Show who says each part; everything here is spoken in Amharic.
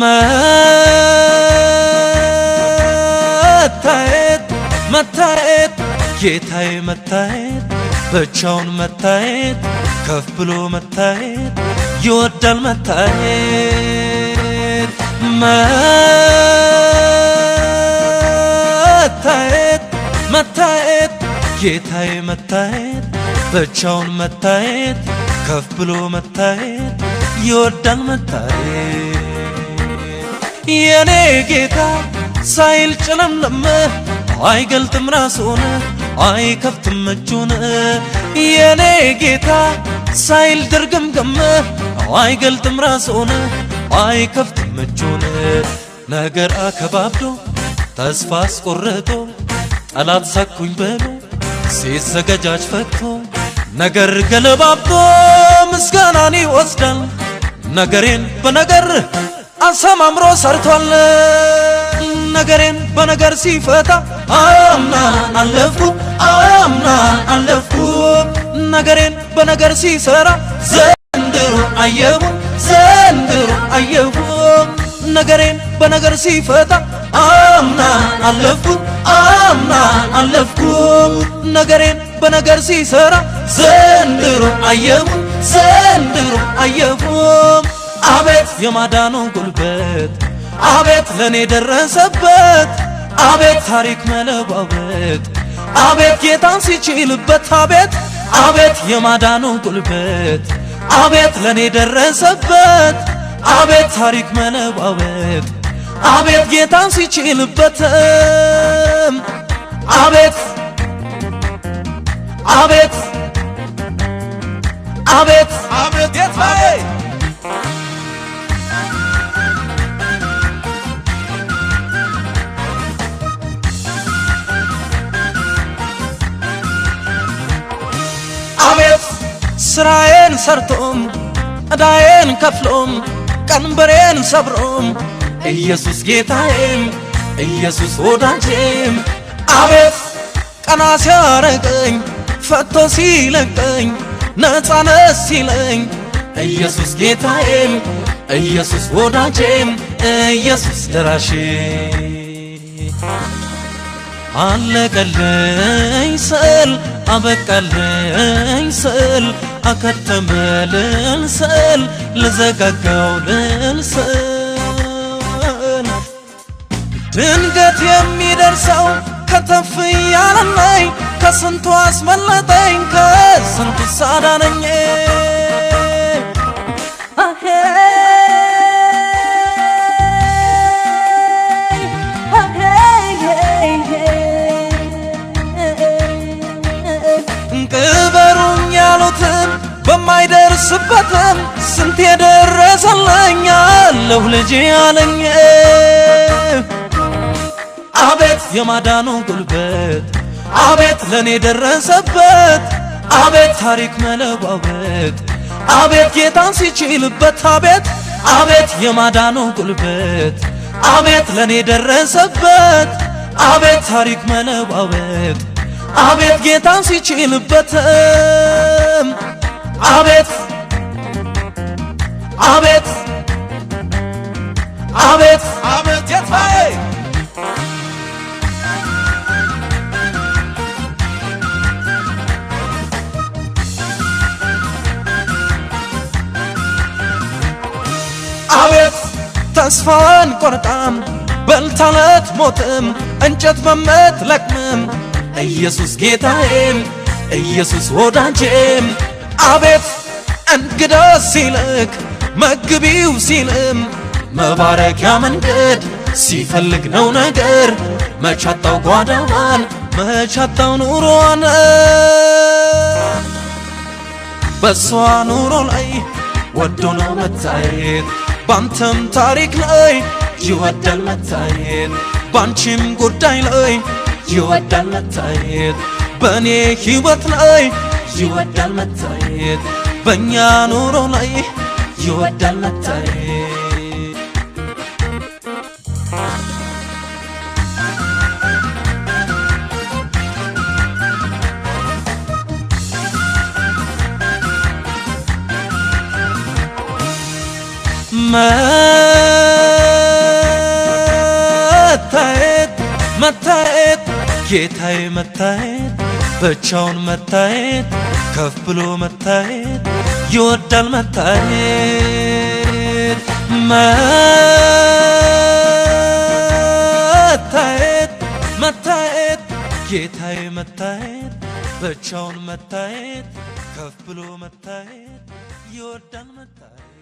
Speaker 1: መታየት መታየት ጌታዬ መታየት ብቻውን መታየት ከፍ ብሎ መታየት ይወዳል መታየት መታየት መታየት ጌታዬ መታየት ብቻውን መታየት ከፍ ብሎ መታየት ይወዳል መታየት የኔ ጌታ ሳይል ጨለምለም አይገልጥም ራሱን አይከፍትም እጁን የኔ ጌታ ሳይል ድርግምግም አይገልጥም ራሱን አይከፍትም እጁን ነገር አከባብዶ ተስፋ አስቆርጦ ጠላት ሰኩኝ ብሎ ሲዘገጃጅ ፈቶ ነገር ገለባብቶ ምስጋናን ይወስዳል ነገሬን በነገር አሰማምሮ ሰርቷል ነገሬን በነገር ሲፈታ አምና አለፍኩ አምና አለፍኩ ነገሬን በነገር ሲሰራ ዘንድሮ አየሁ ዘንድሮ አየሁ ነገሬን በነገር ሲፈታ አምና አለፍኩ አምና አለፍኩ ነገሬን በነገር ሲሰራ ዘንድሮ አየሁ ዘንድሮ አየሁ አቤት የማዳኑን ጉልበት አቤት ለኔ ደረሰበት አቤት ታሪክ መለዋወጥ አቤት ጌታን ሲችልበት አቤት አቤት የማዳኑን ጉልበት አቤት ለኔ ደረሰበት አቤት ታሪክ መለዋወጥ አቤት ጌታን ሲችልበት አቤት አቤት አቤት አቤት ስራዬን ሰርቶም ዕዳዬን ከፍሎም ቀንበሬን ሰብሮም ኢየሱስ ጌታዬም ኢየሱስ ወዳጄም አቤት ቀና ሲያረገኝ ፈቶ ሲለቀኝ ነፃነት ሲለኝ ኢየሱስ ጌታዬም ኢየሱስ ወዳጄም ኢየሱስ ደራሼ አለቀልኝ ስዕል አበቃልኝ ስዕል አከተመልን ስዕል ልዘጋጋውልን ስዕል ድንገት የሚደርሰው ከተፍ ያለነኝ ከስንቱ አስመለጠኝ ከስንቱ ሳዳነኝ ደርስበትም ስንት የደረሰልኝ አለሁ ልጅ አለኝ አቤት የማዳኑ ጉልበት አቤት ለእኔ ደረሰበት አቤት ታሪክ መለዋወጥ አቤት ጌታን ሲችልበት አቤት አቤት የማዳኑ ጉልበት አቤት ለእኔ ደረሰበት አቤት ታሪክ መለዋወጥ አቤት ጌታን ሲችልበትም አቤት አቤት አቤት
Speaker 2: አቤት ጌታዬ
Speaker 1: አቤት ተስፋን ቆርጣም በልታለት ሞትም እንጨት በመት ለቅምም ኢየሱስ ጌታዬም ኢየሱስ ወዳጄም አቤት እንግዳ ሲልክ መግቢው ሲልም መባረኪያ መንገድ ሲፈልግ ነው ነገር መቻጣው ጓዳዋን መቻጣው ኑሮዋን በሷ ኑሮ ላይ ወዶ ነው መታየት ባንተም ታሪክ ላይ ይወዳል መታየት ባንቺም ጉዳይ ላይ ይወዳል መታየት በእኔ ሕይወት ላይ ይወዳል መታየት በእኛ ኑሮ ላይ ይወዳል ነታሬ መታየት መታየት ጌታዬ መታየት ብቻውን መታየት ከፍ ብሎ መታየት ይወዳል መታየት መታየት መታየት ጌታዬ መታየት ብቻውን መታየት ከፍ ብሎ መታየት ይወዳል መታየት